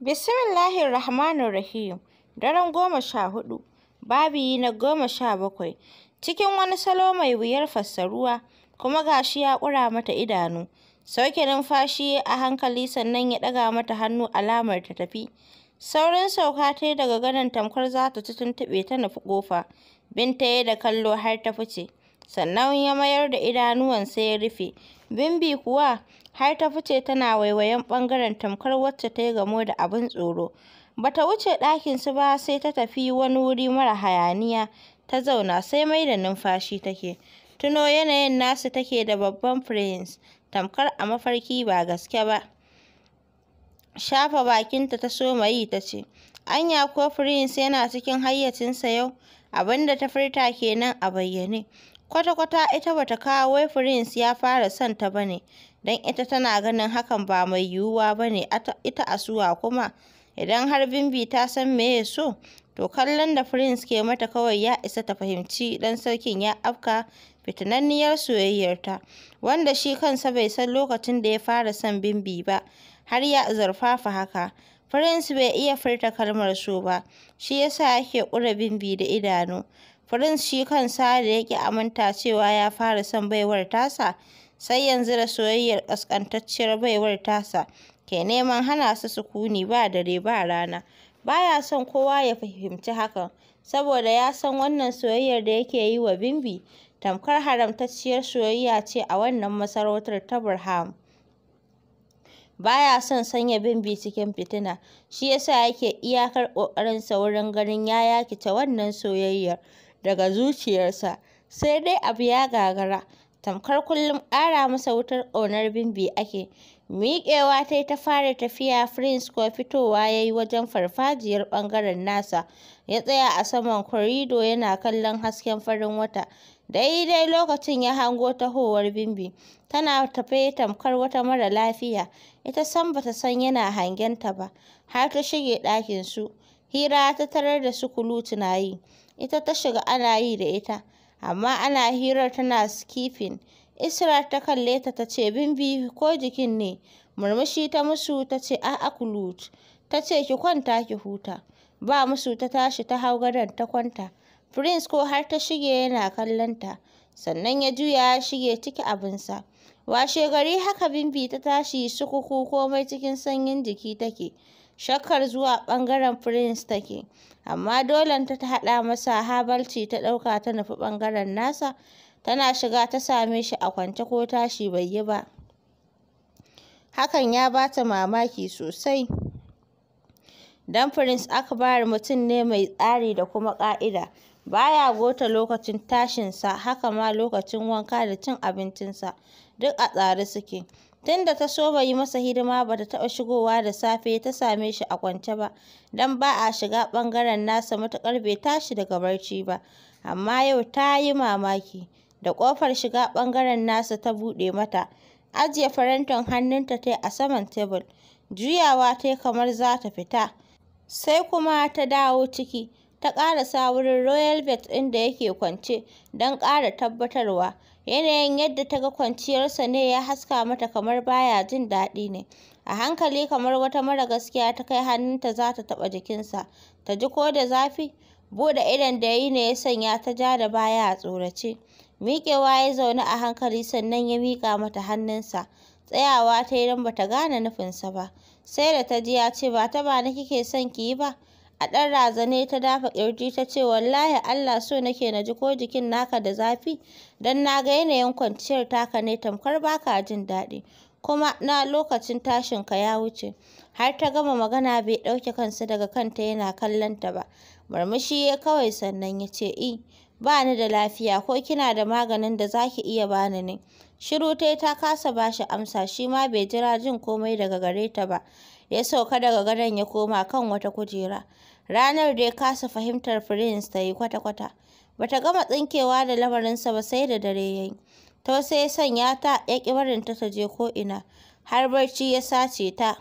Bismillahirrahmanirrahim. Daren goma sha hudu, babi na goma sha bakwai, cikin wani salo mai wuyar fassaruwa, kuma gashi ya ƙura mata idanu. Sauke numfashi a hankali sannan ya ɗaga mata hannu alamar ta tafi. Saurin sauka ta daga ganin tamkar za ta ci tuntuɓe ta nufi ƙofa. Binta ya da kallo har ta fice. sannan ya mayar da idanuwansa ya rufe. Bimbi kuwa har ta fice tana waiwayen ɓangaren tamkar wacce ta yi gamo da abin tsoro. Ba ta wuce su ba sai ta tafi wani wuri mara hayaniya ta zauna sai mai da numfashi take. Tuno yanayin nasu take da babban firins tamkar a mafarki ba gaske ba. Shafa bakinta ta soma yi ta ce, Anya ko firins yana cikin hayyacinsa yau? abinda ta furta kenan a bayyane. kwata-kwata ita ba ta kawo wai firins ya fara son ta ba ne, don ita tana ganin hakan ba mai yiwuwa ba ne ita Asuwa kuma, idan har Bimbi ta san me ya so, to kallon da Prince ke mata kawai ya isa ta fahimci dan sarkin ya afka soyayyar soyayyarta, wanda shi kansa bai san lokacin da ya fara son Bimbi ba, har ya zarfafa haka. firins bai iya furta kalmar so ba, shi yasa yake ƙura Bimbi da idanu. Prince shi kan da yake aminta cewa ya fara son baiwar tasa, sai yanzu da soyayyar ƙasƙantacciyar baiwar tasa ke neman hana su sukuni ba dare ba rana. Ba ya son kowa ya fahimci hakan, saboda ya san wannan soyayyar da yake yi wa Bimbi tamkar haramtacciyar soyayya ce a wannan masarautar ta Barham. Ba ya son sanya Bimbi cikin fitina, shi ya yake iyakar ƙoƙarinsa wurin ganin ya yakice wannan soyayyar. daga zuciyarsa, sai dai abu ya gagara, tamkar kullum ƙara masa wutar ƙaunar Bimbi ake. Miƙewa ta yi ta fara tafiya, Prince ko fitowa ya yi wajen farfajiyar ɓangaren nasa, ya tsaya a saman korido yana kallon hasken farin wata. Daidai lokacin ya hango tahowar Bimbi, tana tafe tamkar wata mara lafiya, ita san bata san yana hangenta ba, har ta shige ɗakin su. Hira ta tarar da su Kulu tunayi. ita ta shiga ana yi da ita, amma ana hirar tana skifin Isra ta kalle ta ta ce Bimbi ko jikin ne, murmushi ta musu ta ce a'a kulut, ta ce ki kwanta ki huta. Ba musu ta tashi ta hau gadon ta kwanta. Prince ko har ta shige yana kallon ta, sannan ya juya ya shige ciki abinsa. Washe gari haka Bimbi ta tashi sukuku komai cikin sanyin jiki take. shakkar zuwa ɓangaren prince take amma dole ta ta haɗa masa habalci ta ɗauka ta nufi ɓangaren nasa tana shiga ta same shi a kwance ko tashi bai yi ba hakan ya ba ta mamaki sosai don prince akbar mutum ne mai tsari da kuma ƙa'ida baya gota lokacin tashinsa haka ma lokacin wanka da cin abincinsa duk a tsare suke Tunda ta so yi masa hidima ba ta taɓa shigowa da safe ta same shi a kwance ba, don ba a shiga ɓangaren nasa matuƙar bai tashi daga barci ba. Amma yau ta yi mamaki, da ƙofar shiga ɓangaren nasa ta buɗe mata, ajiye farantin hannunta ta yi a saman tebul, juyawa ta kamar za ta fita, sai kuma ta dawo ciki. ta ƙarasa wurin Royal Vet ɗin da yake kwance don ƙara tabbatarwa. Yanayin yadda ta ga kwanciyarsa ne ya haska mata kamar baya jin daɗi ne. A hankali kamar wata mara gaskiya ta kai hannunta za ta taɓa jikinsa, ta ji ko da zafi. Buɗe idon da ya yi ne ya sanya ta ja da baya a tsorace. Miƙewa ya zaune a hankali sannan ya miƙa mata hannunsa. Tsayawa ta yi don ba ta gane nufinsa ba. Sai da ta ji ya ce ba ta ba ni kike son ki yi ba, A ɗan razane ta dafa ƙirji ta ce, Wallahi Allah so nake na ji ko jikin naka da zafi, don na ga yanayin kwanciyar taka ne tamkar baka jin daɗi, kuma na lokacin tashin ka ya wuce. Har ta gama magana bai ɗauke kansa daga kanta yana kallonta ba, murmushi ya kawai sannan ya ce, I. ba ni da lafiya ko kina da maganin da za ki iya ba ni ne shiru tai ta kasa ba shi amsa shi ma bai jira jin komai daga gare ta ba ya sauka daga gadon ya koma kan wata kujera ranar da ya kasa fahimtar prince ta yi kwata-kwata bata gama tsinkewa da lamarinsa ba sai da dare ya yi to sai ya sanya ta ya ƙi ta ta je ko'ina har barci ya sace ta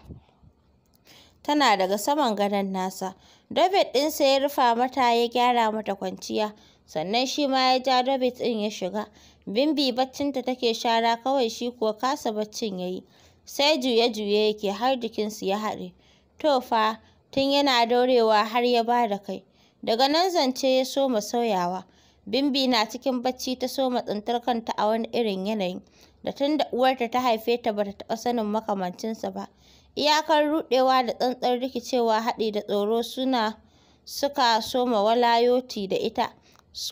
tana daga saman gadon nasa David ɗinsa ya rufa mata ya gyara mata kwanciya sannan shi ma ya ja rabbit ɗin ya shiga bimbi baccinta take shara kawai shi kuwa kasa baccin ya yi sai juye-juye yake har jikinsu ya haɗe to fa tun yana daurewa har ya ba da kai daga nan zance ya soma sauyawa bimbi na cikin bacci ta soma tsintar kanta a wani irin yanayi da tun da uwarta ta haife ta bata taɓa sanin makamancinsa ba iyakar ruɗewa da tsantsar rikicewa haɗi da tsoro suna suka soma walayoti da ita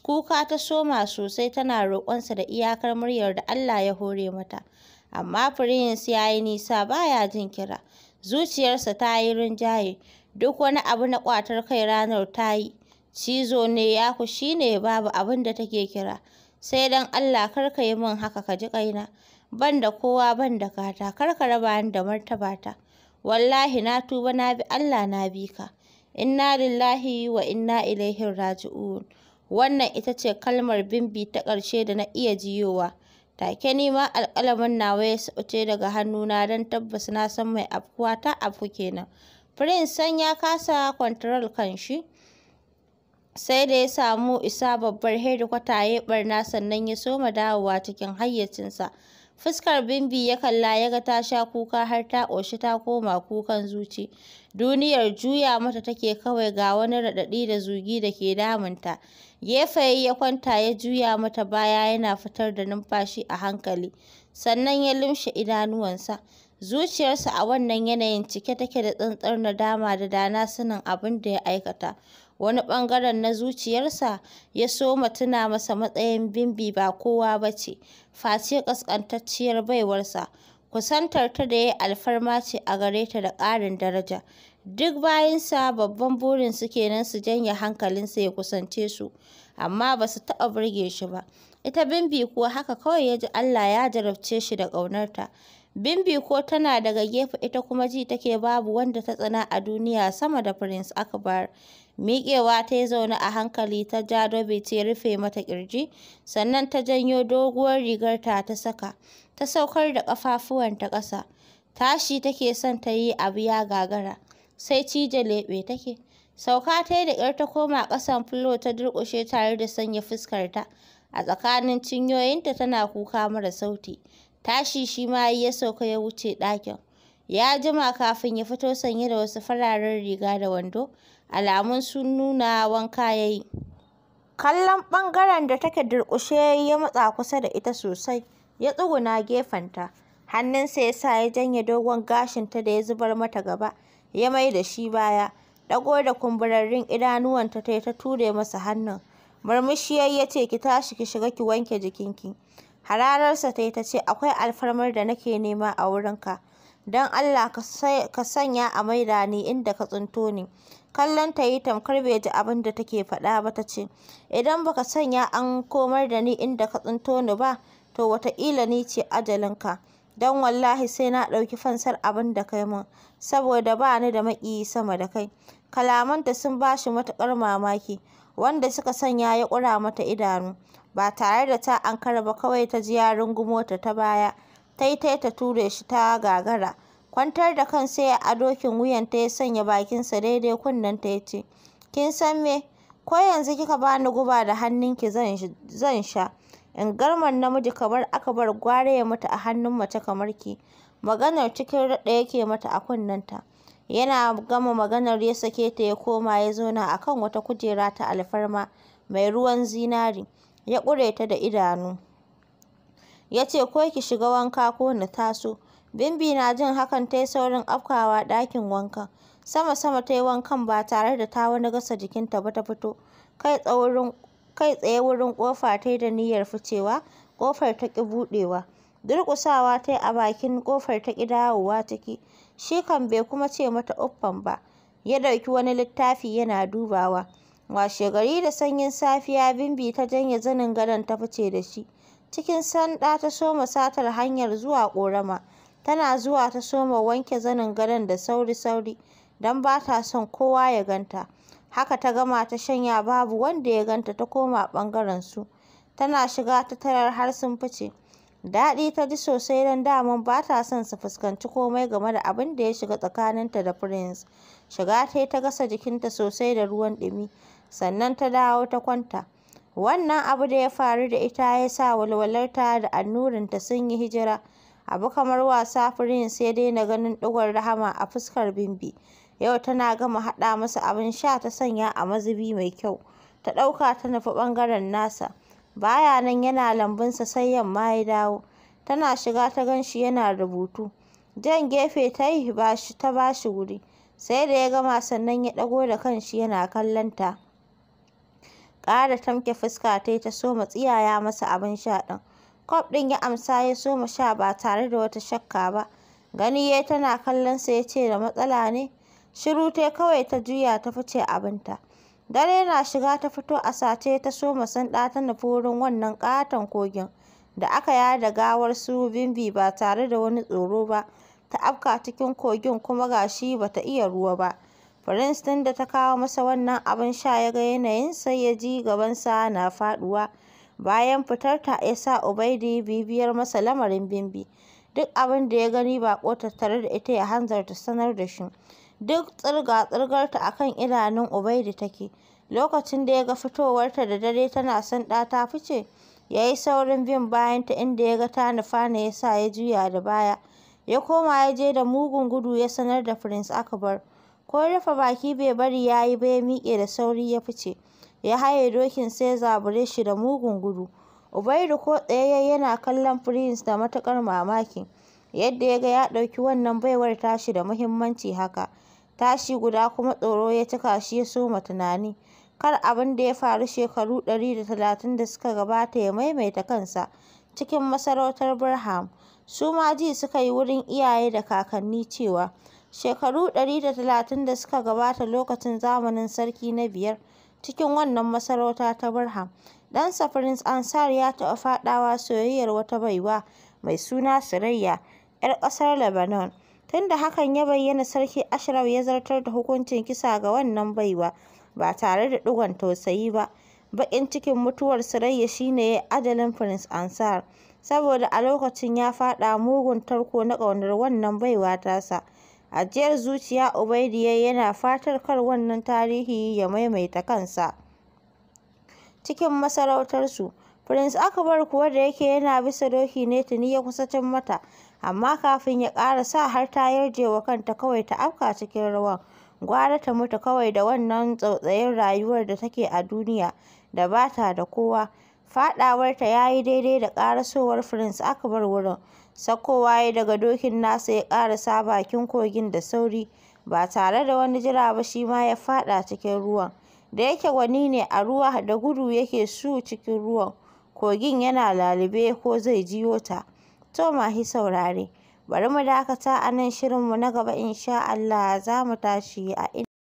Kuka ta soma sosai tana roƙonsa da iyakar muryar da Allah ya hore mata. Amma Prince ya yi nisa ba ya jin kira. Zuciyarsa ta yi rinjaye. Duk wani abu na ƙwatar kai ranar ta yi. Cizo ne yaku shi ne babu abin da take kira. Sai don Allah kar ka yi min haka ka ji ƙaina. Ban da kowa ban da kata kar ka raba ni da martabata. Wallahi na tuba na bi Allah na bi ka. Inna lillahi wa inna ilaihi raji'un. Wannan ita ce kalmar bimbi ta ƙarshe da na iya jiyowa. Take ni ma alƙalamin nawa ya sauce daga hannuna don tabbas na san mai afkuwa ta afku kenan. Prince san ya kasa kwantarar kanshi. Sai da ya samu isa babbar hedikwata ya ɓarna sannan ya soma dawowa cikin hayyacinsa. Fuskar Bimbi ya kalla ya ga ta sha kuka har ta ƙoshi ta koma kukan zuci. Duniyar juya mata take kawai ga wani raɗaɗi da zugi da ke damunta. Gefe ya kwanta ya juya mata baya yana fitar da numfashi a hankali. Sannan ya lumshe idanuwansa. Zuciyarsa a wannan yanayin cike take da tsantsar nadama da dana sanin abin da ya aikata. wani ɓangaren na zuciyarsa ya soma tuna masa matsayin Bimbi ba kowa ba ce, face ƙasƙantacciyar baiwarsa, kusantar ta da ya yi alfarma ce a gare ta da ƙarin daraja. Duk bayansa babban burin su kenan su janye hankalinsa ya kusance su, amma ba su taɓa burge shi ba. Ita Bimbi kuwa haka kawai ya ji Allah ya jarabce shi da ƙaunarta. Bimbi ko tana daga gefe ita kuma ji take babu wanda ta tsana a duniya sama da Prince Akbar. Miƙewa ta yi zaune a hankali ta ja dobe ta rufe mata ƙirji, sannan ta janyo doguwar rigar ta ta saka, ta saukar da ƙafafuwanta ƙasa. Tashi take son ta yi abu ya gagara, sai cije leɓe take. Sauka ta yi da ƙyar ta koma ƙasan fulo ta durƙushe tare da sanya fuskarta a tsakanin cinyoyinta tana kuka mara sauti. Tashi shi ma ya sauka ya wuce ɗakin. ya jima kafin ya fito sanye da wasu fararen riga da wando alamun sun nuna wanka ya yi kallon ɓangaren da take durƙushe ya matsa kusa da ita sosai ya tsuguna gefenta hannunsa ya sa ya janye dogon gashinta da ya zubar mata gaba ya mai da shi baya ɗago da kumburarrin idanuwanta ta ta ture masa hannun murmushi ya ce ki tashi ki shiga ki wanke jikinki hararsa ta ta ce akwai alfarmar da nake nema a wurinka don Allah ka sanya a maida ni inda ka tsinto ni. Kallon ta yi tamkar bai ji abin da take faɗa ba ta ce, Idan baka sanya an komar da ni inda ka tsinto ni ba, to wataƙila ni ce ajalinka, don wallahi sai na ɗauki fansar abin da kai mun saboda ba ni da maƙiyi sama da kai. Kalamanta sun ba shi matuƙar mamaki, wanda suka sanya ya ƙura mata idanu, ba tare da ta ankara ba kawai ta ji ya rungumo ta baya. taitai ta ture shi ta gagara. Kwantar da kan sai a dokin wuyanta ya sanya bakinsa daidai kunnenta ya ce, Kin san me, ko yanzu kika bani guba da hannunki zan sha, in garman namiji kamar aka bar gware ya mutu a hannun mace kamar ki. Maganar cikin raɗa yake mata a kunnenta. Yana gama maganar ya sake ta ya koma ya zauna a kan wata kujera ta alfarma mai ruwan zinari, ya ƙure ta da idanu. ya ce ko ki shiga wanka ko na taso. Bimbi na jin hakan ta yi saurin afkawa ɗakin wanka. Sama-sama ta yi wankan ba tare da ta wani gasa jikinta ba ta fito. Kai tsaye wurin ƙofa ta yi da niyyar ficewa, ƙofar ta ƙi buɗewa. Durƙusawa ta yi a bakin ƙofar ta ƙi dawowa ciki. Shi kan bai kuma ce mata uffan ba. Ya ɗauki wani littafi yana dubawa. Washe, gari da sanyin safiya Bimbi ta janye zanin gadon ta fice da shi. cikin sanda ta soma satar hanyar zuwa ƙorama tana zuwa ta soma wanke zanin gadon da sauri-sauri don ba ta son kowa ya ganta haka ta gama ta shanya babu wanda ya ganta ta koma ɓangaren su tana shiga ta tarar har sun fice daɗi ta ji sosai don daman ba ta son su fuskanci komai game da abin da ya shiga tsakaninta da prince shiga ta yi ta gasa jikinta sosai da ruwan ɗumi sannan ta dawo ta kwanta Wannan abu da ya faru da ita ya sa walwalarta da annurinta sun yi hijira. Abu kamar wasa Prince ya daina ganin ɗigon rahama a fuskar Bimbi. Yau tana gama haɗa masa abin sha ta sanya a mazubi mai kyau. Ta ɗauka ta nufi ɓangaren nasa. Baya nan yana lambunsa sai yamma ya dawo. Tana shiga ta gan shi yana rubutu. Jan gefe ta yi ta ba shi wuri. Sai da ya gama sannan ya ɗago da kanshi yana kallon ta. ƙara tamke fuska ta yi ta soma tsiyaya masa abin sha ɗin kwaf ɗin ya amsa ya soma sha ba tare da wata shakka ba gani ya tana kallon sa ya ce da matsala ne shiru ta kawai ta juya ta fice abinta dare na shiga ta fito a sace ta soma sanda ta nufi wurin wannan ƙaton kogin da aka da gawar su bimbi ba tare da wani tsoro ba ta afka cikin kogin kuma ga gashi bata iya ruwa ba Prince da ta kawo masa wannan abin sha ya ga yanayin sai ya ji gabansa na faɗuwa. Bayan fitar ta ya sa Ubaidi bibiyar masa lamarin Bimbi. Duk abin da ya gani baƙo tattare da ita ya hanzarta sanar da shi. Duk tsirga-tsirgarta a kan idanun Ubaidi take. Lokacin da ya ga fitowarta da dare tana son ɗa ta fice, ya yi saurin bin bayan ta inda ya ga ta nufa ne ya sa ya juya da baya. Ya koma ya je da mugun gudu ya sanar da Prince Akbar. ko rufe baki bai bari ya yi ba ya miƙe da sauri ya fice ya haye dokin sai ya zabure shi da mugun gudu ubairu ko tsaye yana kallon Prince da matuƙar mamaki yadda ya ga ya ɗauki wannan baiwar tashi da muhimmanci haka tashi guda kuma tsoro ya cika shi ya soma tunani kar abin da ya faru shekaru ɗari da talatin da suka gabata ya maimaita kansa cikin masarautar Birham su ma ji suka yi wurin iyaye da kakanni cewa Shekaru 130 da suka gabata lokacin zamanin sarki na biyar cikin wannan masarauta ta Barham, ɗansa Prince Ansar ya taɓa faɗawa soyayyar wata baiwa mai suna Sirayya, 'yar ƙasar Lebanon. Tun da hakan ya bayyana Sarki Ashraf ya zartar da hukuncin kisa ga wannan baiwa ba tare da ɗigon tausayi ba. Baƙin cikin mutuwar Sirayya shine ne ya yi ajalin Prince Ansar, saboda a lokacin ya faɗa mugun tarko na ƙaunar wannan baiwa tasa. Ajiyar zuciya Obaidy yana fatar kar wannan tarihi ya maimaita kansa cikin masarautarsu. Prince Akbar kuwa da yake yana bisa doki ne tuni ya kusa cin mata, amma kafin ya ƙara sa har ta yarje wa kanta kawai ta afka cikin ruwan. Gwara ta mutu kawai da wannan tsautsayin rayuwar da take a duniya da bata da kowa. Faɗawarta ya yi daidai da ƙarasowar Prince Akbar wurin, saukowa ya daga dokin nasa ya ƙarasa bakin kogin da sauri, ba tare da wani jira ba shi ma ya faɗa cikin ruwan, da yake gwani ne a ruwa da gudu yake su cikin ruwan, kogin yana lalube ko zai jiyo ta. To mahi saurare, bari mu dakata a nan shirinmu na gaba insha Allah za mu tashi a inda.